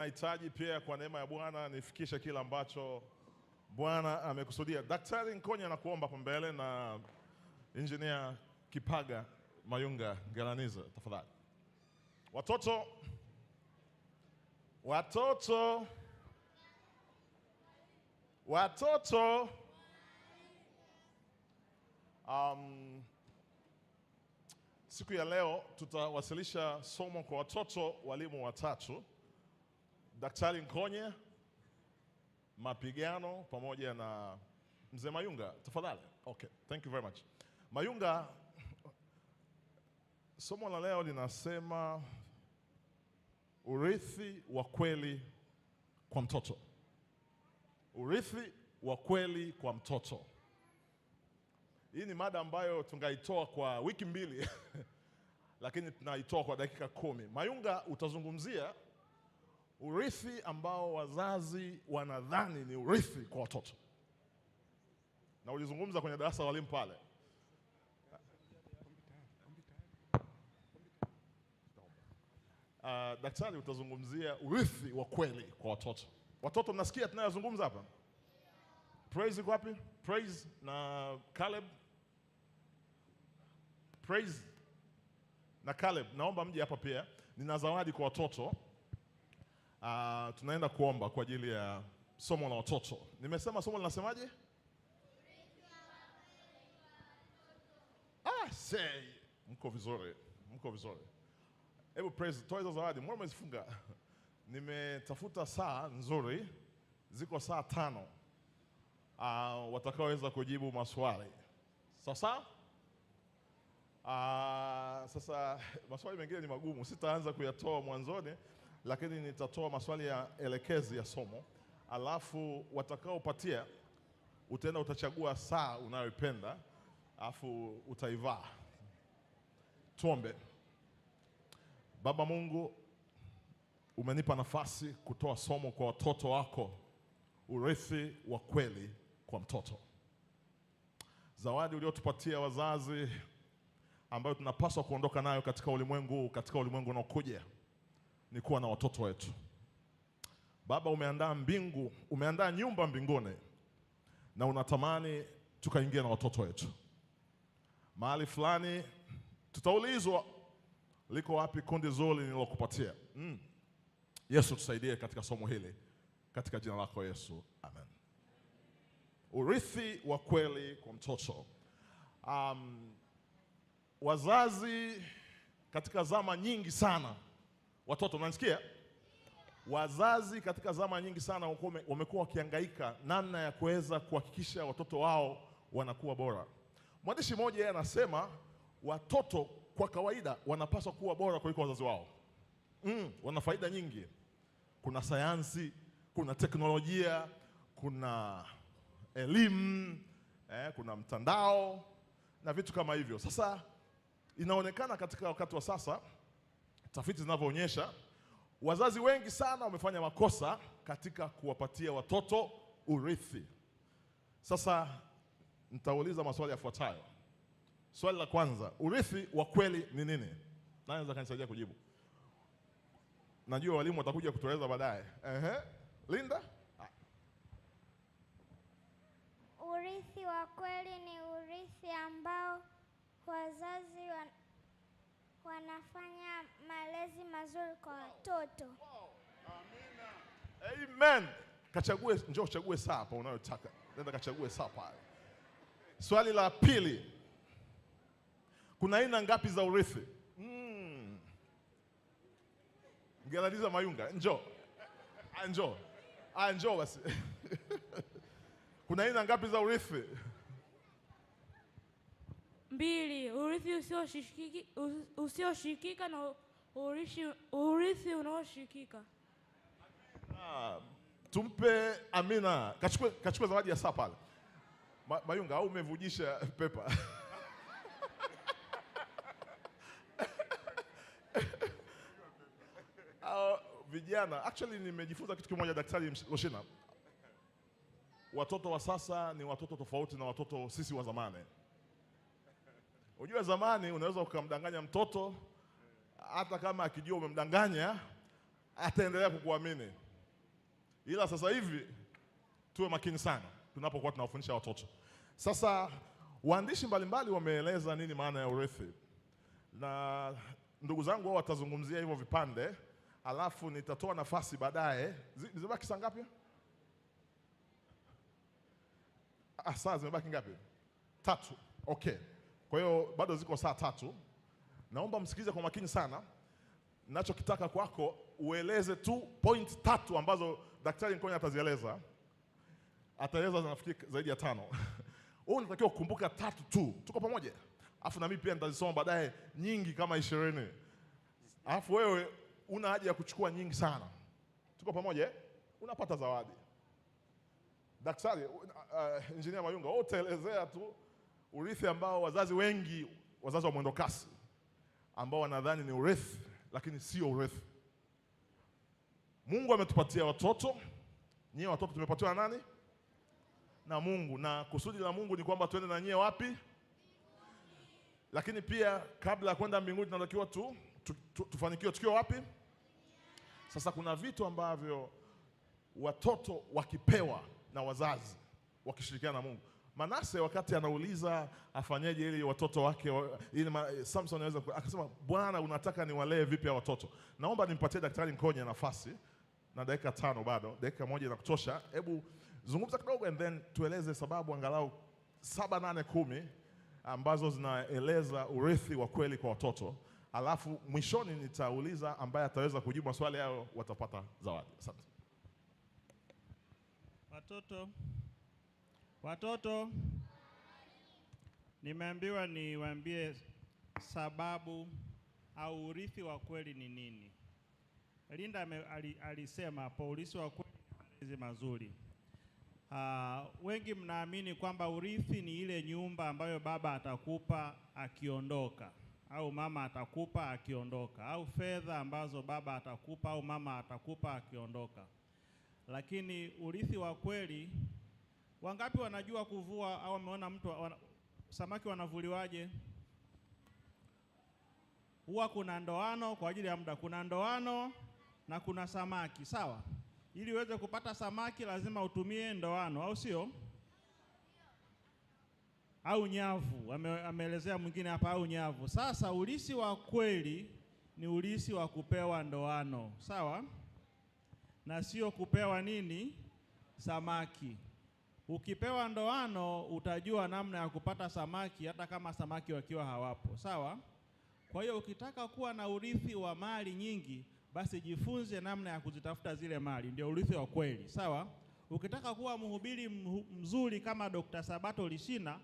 Nahitaji pia kwa neema ya Bwana nifikishe kila ambacho Bwana amekusudia. Daktari Nkonya anakuomba hapo mbele na injinia Kipaga Mayunga Galaniza, tafadhali. Watoto, watoto, watoto. Um, siku ya leo tutawasilisha somo kwa watoto, walimu watatu Daktari Nkonye, Mapigano pamoja na Mzee Mayunga, tafadhali. Okay, thank you very much. Mayunga, somo la leo linasema urithi wa kweli kwa mtoto. Urithi wa kweli kwa mtoto. Hii ni mada ambayo tungaitoa kwa wiki mbili lakini tunaitoa kwa dakika kumi. Mayunga, utazungumzia urithi ambao wazazi wanadhani ni urithi kwa watoto, na ulizungumza kwenye darasa la walimu pale Uh, daktari, utazungumzia urithi wa kweli kwa watoto. Watoto mnasikia tunayozungumza hapa? Praise iko wapi? Praise na Caleb, Praise na Caleb, naomba mje hapa pia. Nina zawadi kwa watoto. Uh, tunaenda kuomba kwa ajili ya somo la watoto. Nimesema somo linasemaje? Ah, say mko vizuri, mko vizuri. Hebu praise, toa hizo zawadi, mbona umezifunga? Nimetafuta saa nzuri, ziko saa tano uh, watakaoweza kujibu maswali sasa. Uh, ah, sasa maswali mengine ni magumu, sitaanza kuyatoa mwanzoni lakini nitatoa maswali ya elekezi ya somo, alafu watakaopatia utaenda utachagua saa unayoipenda alafu utaivaa. Tuombe. Baba Mungu, umenipa nafasi kutoa somo kwa watoto wako, urithi wa kweli kwa mtoto, zawadi uliotupatia wazazi, ambayo tunapaswa kuondoka nayo katika ulimwengu, katika ulimwengu unaokuja ni kuwa na watoto wetu. Baba, umeandaa mbingu, umeandaa nyumba mbinguni, na unatamani tukaingia na watoto wetu. Mahali fulani tutaulizwa, liko wapi kundi zuri nililokupatia? Mm. Yesu, tusaidie katika somo hili, katika jina lako Yesu, amen. Urithi wa kweli kwa mtoto. Um, wazazi katika zama nyingi sana Watoto mnanisikia? Wazazi katika zama nyingi sana wamekuwa wakihangaika namna ya kuweza kuhakikisha watoto wao wanakuwa bora. Mwandishi mmoja yeye anasema watoto kwa kawaida wanapaswa kuwa bora kuliko wazazi wao. Mm, wana faida nyingi. Kuna sayansi, kuna teknolojia, kuna elimu, eh, kuna mtandao na vitu kama hivyo. Sasa inaonekana katika wakati wa sasa tafiti zinavyoonyesha wazazi wengi sana wamefanya makosa katika kuwapatia watoto urithi. Sasa nitauliza maswali yafuatayo. Swali la kwanza, urithi wa kweli ni nini? Nani anaweza kanisaidia kujibu? Najua walimu watakuja kutueleza baadaye. Linda. Urithi wa kweli ni urithi ambao wazazi wanafanya malezi mazuri kwa watoto. Wow. Amen. Kachague, njoo uchague saa hapo unayotaka. Nenda kachague saa Swali la pili, kuna aina ngapi za urithi? Mm. Mgaladiza Mayunga, njoo ah, njoo, ah, njoo basi. kuna aina ngapi za urithi? Mbili, urithi usioshikika na urithi unaoshikika. Ah, tumpe Amina, kachukue kachukue zawadi ya saa pale. Ma, Mayunga au umevujisha pepa? Vijana, actually nimejifunza kitu kimoja Daktari Loshina, watoto wa sasa ni watoto tofauti na watoto sisi wa zamani. Unajua zamani unaweza ukamdanganya mtoto, hata kama akijua umemdanganya ataendelea kukuamini, ila sasa hivi tuwe makini sana tunapokuwa tunawafundisha watoto. Sasa waandishi mbalimbali wameeleza nini maana ya urithi, na ndugu zangu wao watazungumzia hivyo vipande, alafu nitatoa nafasi baadaye. Zimebaki saa ngapi? Ah, saa zimebaki ngapi? Tatu. Okay. Kwa hiyo bado ziko saa tatu. Naomba msikilize kwa makini sana. Nachokitaka kwako ueleze tu point tatu ambazo Daktari Nkonya atazieleza, ataeleza nafikiri zaidi ya tano. Wewe unatakiwa kukumbuka tatu tu, tuko pamoja? Alafu na mimi pia nitazisoma baadaye nyingi kama ishirini, alafu wewe una haja ya kuchukua nyingi sana, tuko pamoja? Unapata zawadi. Daktari uh, Injinia Mayunga, utaelezea tu urithi ambao wazazi wengi, wazazi wa mwendo kasi ambao wanadhani ni urithi, lakini sio urithi. Mungu ametupatia watoto, nyie watoto tumepatiwa na nani? Na Mungu. Na kusudi la Mungu ni kwamba tuende na nyie wapi? Lakini pia kabla ya kwenda mbinguni tunatakiwa tu, tu, tu, tufanikiwe tukiwa wapi? Sasa kuna vitu ambavyo watoto wakipewa na wazazi wakishirikiana na Mungu Manase wakati anauliza afanyeje ili watoto wake ili Samson anaweza akasema, Bwana unataka niwalee vipi ya watoto? Naomba nimpatie Daktari Nkonye nafasi na dakika tano, bado dakika moja na kutosha. Hebu zungumza kidogo and then tueleze sababu angalau saba, nane, kumi ambazo zinaeleza urithi wa kweli kwa watoto, alafu mwishoni nitauliza ambaye ataweza kujibu maswali hayo watapata zawadi. Asante watoto Watoto, nimeambiwa niwaambie sababu au urithi wa kweli ni nini. Linda alisema hapo, urithi wa kweli ni malezi mazuri. Uh, wengi mnaamini kwamba urithi ni ile nyumba ambayo baba atakupa akiondoka au mama atakupa akiondoka au fedha ambazo baba atakupa au mama atakupa akiondoka, lakini urithi wa kweli Wangapi wanajua kuvua au wameona mtu wana, samaki wanavuliwaje? Huwa kuna ndoano kwa ajili ya muda, kuna ndoano na kuna samaki, sawa? Ili uweze kupata samaki lazima utumie ndoano, au sio? Au nyavu, ameelezea mwingine hapa, au nyavu. Sasa ulisi wa kweli ni ulisi wa kupewa ndoano, sawa, na sio kupewa nini, samaki. Ukipewa ndoano utajua namna ya kupata samaki hata kama samaki wakiwa hawapo, sawa? Kwa hiyo ukitaka kuwa na urithi wa mali nyingi, basi jifunze namna ya kuzitafuta zile mali, ndio urithi wa kweli, sawa? Ukitaka kuwa mhubiri mzuri kama Dr. Sabato Lishina,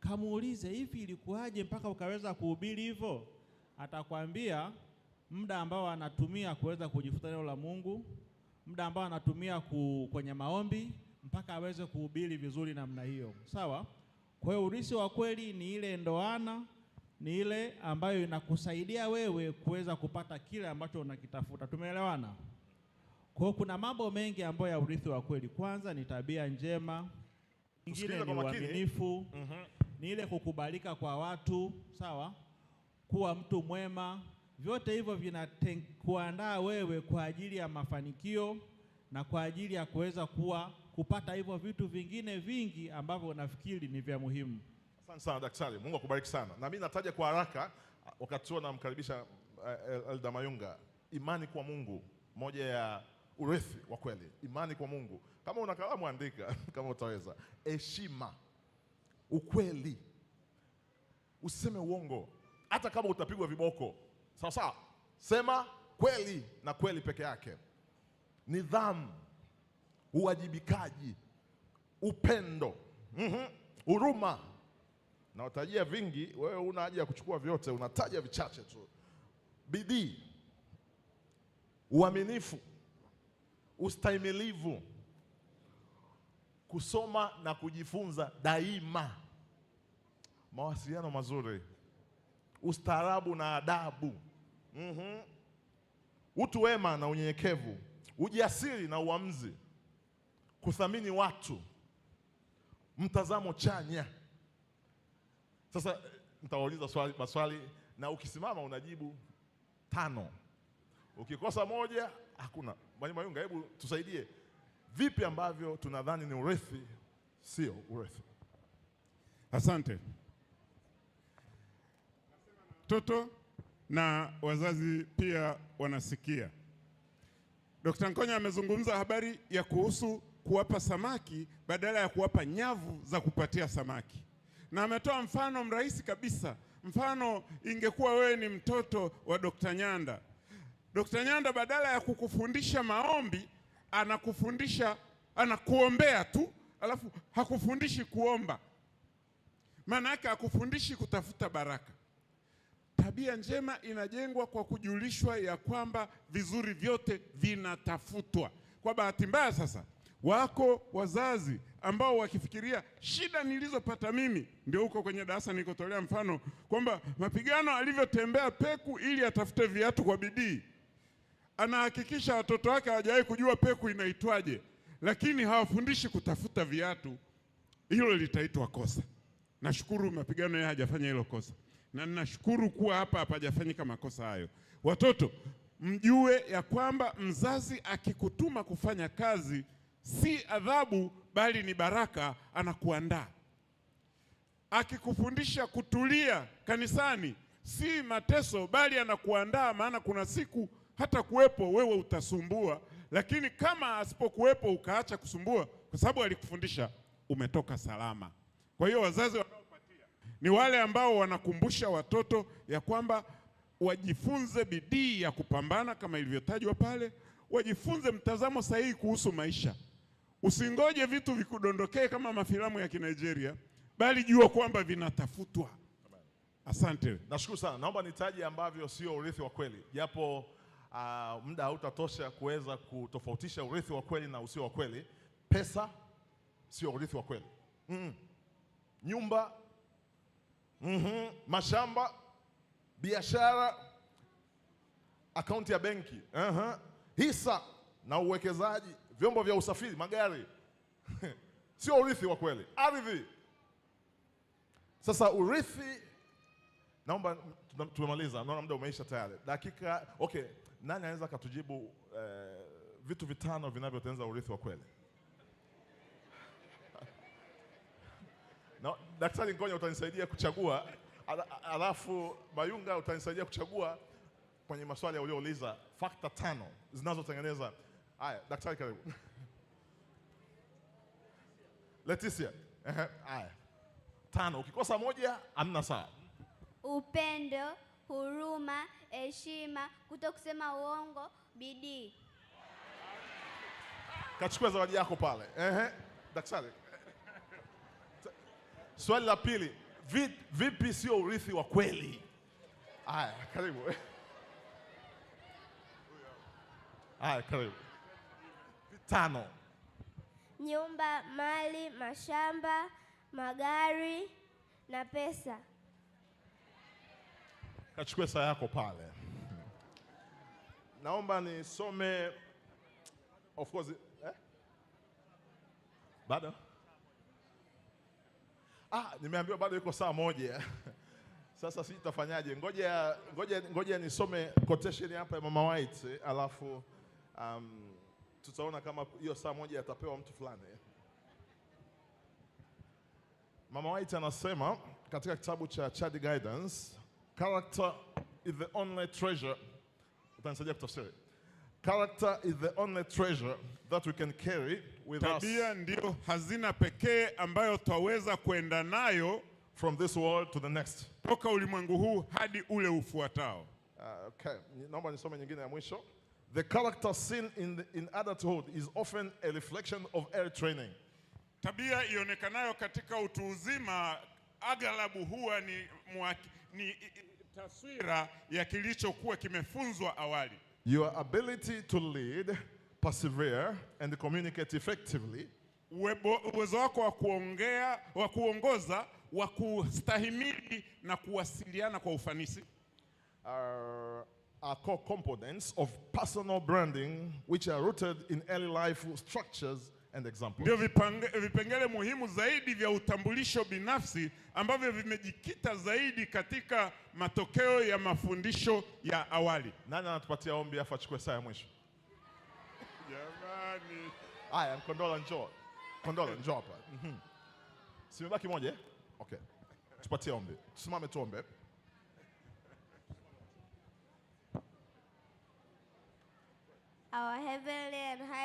kamuulize hivi, ilikuwaje mpaka ukaweza kuhubiri hivyo? Atakwambia muda ambao anatumia kuweza kujifunza neno la Mungu, muda ambao anatumia ku, kwenye maombi mpaka aweze kuhubiri vizuri namna hiyo, sawa. Kwa hiyo urithi wa kweli ni ile ndoana, ni ile ambayo inakusaidia wewe kuweza kupata kile ambacho unakitafuta. Tumeelewana? Kwa hiyo kuna mambo mengi ambayo ya urithi wa kweli, kwanza ni tabia njema, ingine ni uaminifu, mm -hmm. ni ile kukubalika kwa watu, sawa, kuwa mtu mwema. Vyote hivyo vinakuandaa wewe kwa ajili ya mafanikio na kwa ajili ya kuweza kuwa kupata hivyo vitu vingine vingi ambavyo unafikiri ni vya muhimu. Asante sana daktari, Mungu akubariki sana. Na mimi nataja kwa haraka, wakati huo namkaribisha uh, eh, eh, Elda Mayunga. Imani kwa Mungu, moja ya urithi wa kweli. Imani kwa Mungu, kama una kalamu andika kama utaweza. Heshima, ukweli, usiseme uongo hata kama utapigwa viboko, sawa sawa, sema kweli na kweli peke yake. Nidhamu uwajibikaji, upendo, mhm, huruma. mm -hmm. Nawatajia vingi, wewe una haja ya kuchukua vyote, unataja vichache tu: bidii, uaminifu, ustahimilivu, kusoma na kujifunza daima, mawasiliano mazuri, ustaarabu na adabu, mm -hmm. utu wema na unyenyekevu, ujasiri na uamuzi kuthamini watu, mtazamo chanya. Sasa nitawauliza swali, maswali na ukisimama unajibu tano, ukikosa moja hakuna. Mwalimu Mayunga, hebu tusaidie, vipi ambavyo tunadhani ni urithi sio urithi? Asante toto na wazazi pia wanasikia. Dkt. Nkonya amezungumza habari ya kuhusu kuwapa samaki badala ya kuwapa nyavu za kupatia samaki. Na ametoa mfano mrahisi kabisa, mfano ingekuwa wewe ni mtoto wa Dr. Nyanda. Dr. Nyanda badala ya kukufundisha maombi anakufundisha anakuombea tu, alafu hakufundishi kuomba, maana yake hakufundishi kutafuta baraka. Tabia njema inajengwa kwa kujulishwa ya kwamba vizuri vyote vinatafutwa. Kwa bahati mbaya sasa Wako wazazi ambao wakifikiria shida nilizopata mimi, ndio huko kwenye darasa nilikotolea mfano kwamba mapigano alivyotembea Peku ili atafute viatu kwa bidii, anahakikisha watoto wake hawajawahi kujua Peku inaitwaje, lakini hawafundishi kutafuta viatu. Hilo litaitwa kosa. Nashukuru mapigano yeye hajafanya hilo kosa, na ninashukuru kuwa hapa hapajafanyika makosa hayo. Watoto mjue ya kwamba mzazi akikutuma kufanya kazi si adhabu bali ni baraka anakuandaa. Akikufundisha kutulia kanisani si mateso bali anakuandaa, maana kuna siku hata kuwepo wewe utasumbua, lakini kama asipokuwepo ukaacha kusumbua, kwa sababu alikufundisha umetoka salama. Kwa hiyo wazazi wanaopatia ni wale ambao wanakumbusha watoto ya kwamba wajifunze bidii ya kupambana kama ilivyotajwa pale, wajifunze mtazamo sahihi kuhusu maisha. Usingoje vitu vikudondokee kama mafilamu ya Kinigeria, bali jua kwamba vinatafutwa. Asante, nashukuru sana. Naomba nitaje ambavyo sio urithi wa kweli, japo uh, muda hautatosha kuweza kutofautisha urithi wa kweli na usio wa kweli. Pesa sio urithi wa kweli mm -mm. Nyumba mm -hmm. Mashamba, biashara, akaunti ya benki uh -huh. Hisa na uwekezaji vyombo vya usafiri, magari sio urithi wa kweli, ardhi. Sasa urithi, naomba tumemaliza, naona muda umeisha tayari, dakika okay. Nani anaweza akatujibu eh, vitu vitano vinavyotengeneza urithi wa kweli? Na, Daktari Ngonya utanisaidia kuchagua, alafu Mayunga utanisaidia kuchagua kwenye maswali ya uliouliza, fakta tano zinazotengeneza Haya, daktari karibu. Leticia. Haya. Tano, ukikosa moja amna saa Upendo, huruma, heshima, kuto kusema uongo, bidii. Kachukua zawadi yako pale. Ehe. Daktari. Swali la pili, vipi sio urithi wa kweli? aya karibu. Aya, karibu tano. Nyumba, mali, mashamba, magari na pesa. Kachukue saa yako pale. Naomba nisome of course, eh? Bado ah, nimeambiwa bado iko saa moja. Sasa si tafanyaje? Ngoja, ngoja, ngoja nisome quotation hapa ya Mama White alafu um, tutaona kama hiyo saa moja yatapewa mtu fulani. Mama White anasema katika kitabu cha Chad Guidance, character is the only treasure. Utanisaidia kutafsiri. Character is the only treasure that we can carry with tabia us. Tabia ndio hazina pekee ambayo twaweza kwenda nayo from this world to the next. Toka ulimwengu huu hadi ule ufuatao. Uh, okay. Naomba nisome nyingine ya mwisho. The character seen in, the, in adulthood is often a reflection of early training. Tabia ionekanayo katika utu uzima aghalabu huwa ni, mwaki, ni taswira ya kilichokuwa kimefunzwa awali. Your ability to lead, persevere and communicate effectively. Uwezo wako wa kuongea, wa kuongoza, wa kustahimili na kuwasiliana kwa ufanisi. Uh, are core components of personal branding which are rooted in early life structures and examples. Ndio vipengele muhimu zaidi vya utambulisho binafsi ambavyo vimejikita zaidi katika matokeo ya mafundisho ya awali. Nani anatupatia ombi saa ya mwisho? Jamani. Mkondola njoo. Mkondola njoo hapa. Mhm. Simebaki moja eh? Okay. Tupatie ombi. Tusimame tuombe. our oh, heavenly and high